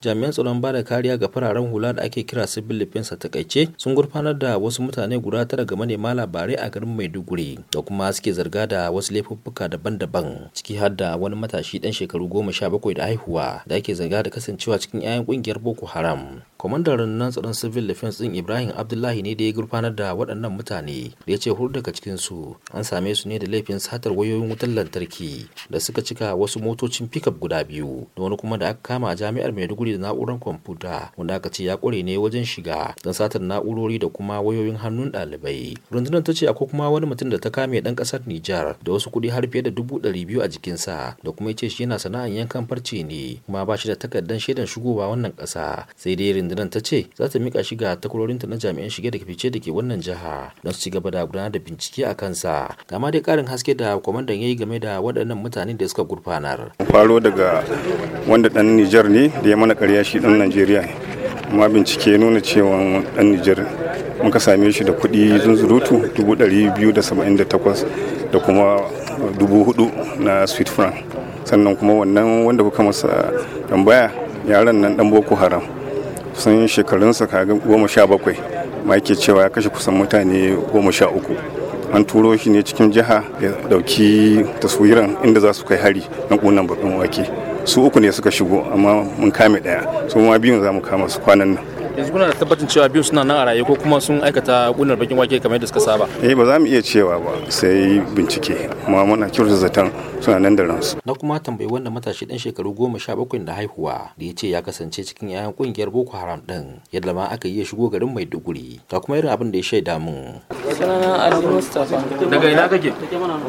jami'an tsaron ba da kariya ga fararen hula da ake kira su defense ta takaice sun gurfanar da wasu mutane guda tara ga manema labarai a garin maiduguri da kuma suke zarga da wasu laifuffuka daban-daban ciki har da wani matashi dan shekaru goma sha bakwai da haihuwa da ake zarga da kasancewa cikin 'ya'yan kungiyar boko haram kwamandan rundunar tsaron civil defense din ibrahim abdullahi ne da ya gurfanar da waɗannan mutane da ya ce hur daga cikinsu an same su ne da laifin satar wayoyin wutar lantarki da suka cika wasu motocin pickup guda biyu da wani kuma da aka kama a jami'ar maiduguri da na'urar kwamfuta wanda aka ce ya kware ne wajen shiga don satar na'urori da kuma wayoyin hannun ɗalibai rundunar ta ce akwai kuma wani mutum da ta kame ɗan ƙasar nijar da wasu kuɗi har fiye da dubu ɗari biyu a jikinsa da kuma ya ce shi yana sana'ar yankan farce ne kuma ba shi da takardar shaidan shigowa wannan ƙasa sai dai rundunar ta ce za ta mika shiga ga takwarorinta na jami'an shige da fice da ke wannan jiha don su ci gaba da gudanar da bincike a kansa kama dai karin haske da kwamandan ya yi game da waɗannan mutane da suka gurfanar. faro daga wanda dan nijar ne da ya mana karya shi ɗan najeriya amma bincike nuna cewa ɗan nijar muka same shi da kuɗi zunzurutu 278 da kuma dubu hudu na sweet franc sannan kuma wannan wanda kuka masa tambaya yaran nan dan boko haram kusan shekarunsa kaga goma sha bakwai ma yake cewa ya kashe kusan mutane goma sha uku an turo shi ne cikin jiha ya dauki taswiran inda za su kai hari na kunan babban wake su uku ne suka shigo amma mun kame daya su ma biyun za mu kama su kwanan nan yanzu kuna da tabbacin cewa biyu suna nan a raye ko kuma sun aikata gunar bakin wake kamar yadda suka saba eh ba za mu iya cewa ba sai bincike amma muna kyautata zaton suna nan da ransu na kuma tambayi wanda matashi dan shekaru goma sha bakwai da haihuwa da ya ce ya kasance cikin 'ya'yan kungiyar boko haram din yadda ma aka iya shigo garin maiduguri ga kuma irin abin da ya shaida mun sunana ali mustafa daga ina kake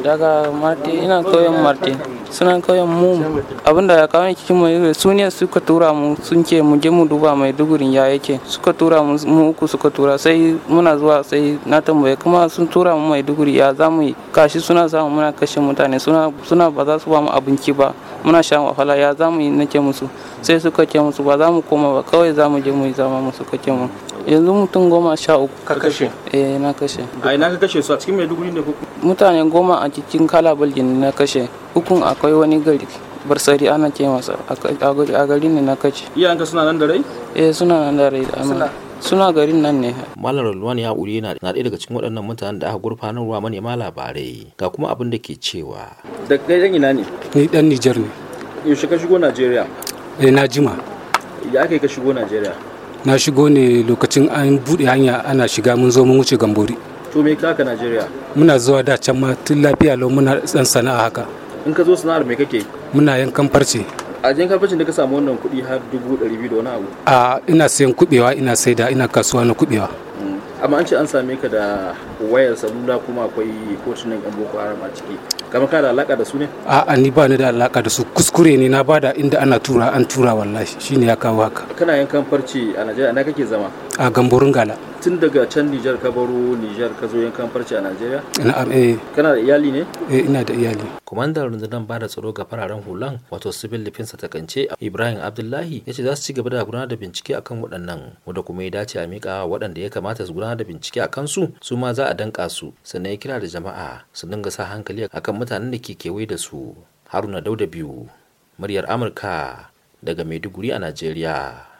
daga marti ina koyon marti sunan koyon mu abinda ya kawo cikin mai su suka tura mu sun ce mu je mu duba maidugurin ya yake yake suka tura mu uku suka tura sai muna zuwa sai na tambaye kuma sun tura mu maiduguri ya za mu yi kashi suna samu muna kashe mutane suna ba za su ba mu abinci ba muna sha wahala ya za mu yi nake musu sai suka ce musu ba za mu koma ba kawai za mu je mu yi zama mu suka ce mu yanzu mutum goma sha uku ka kashe eh na kashe ai na ka kashe su a cikin maiduguri ne ko mutane goma a cikin kalabalgin na kashe hukun akwai wani gari barsari ana ce masa a garin ne na kaci iyayenka suna nan da rai eh suna nan da rai suna garin nan ne malam rulwan ya uri na ɗaya daga cikin waɗannan mutanen da aka gurfanarwa manema labarai ga kuma abin da ke cewa da kai dan ina ne ni dan Niger ne yaushe ka shigo Najeriya eh na jima ya kai ka shigo Najeriya na shigo ne lokacin an bude hanya ana shiga mun zo mun wuce Gambori to me ka Najeriya muna zuwa da can ma tun lafiya lau muna dan sana'a haka in ka zo sana'ar me kake muna yankan farce a jin farcen da ka samu wannan kuɗi har dubu ɗari biyu da wani abu a ina sayan kuɓewa ina saida ina kasuwa na kuɓewa mm. amma an ce an same ka da wayar salula kuma akwai hotunan yan boko haram a ciki kamar ka da alaka da su ne a'a ni ba ni da alaka da su kuskure ne na bada inda ana tura an tura wallahi shine ya kawo haka kana yankan farce a Najeriya na kake zama a gamborin gala tun daga can Nijar ka baro Nijar ka zo yankan farce a Najeriya? Na'am eh. Kana da iyali ne? Eh ina da iyali. Kwamandan rundunar bada tsaro ga fararen hulan wato civil defense ta kance Ibrahim Abdullahi ya ce za su ci gaba da gudanar da bincike akan waɗannan wanda kuma ya dace a miƙa waɗanda ya kamata su gudanar da bincike a kansu su ma za a danka su sannan ya kira da jama'a su dinga sa hankali akan mutanen da ke kewaye da su. Haruna Dauda biyu muryar Amurka daga Maiduguri a Najeriya.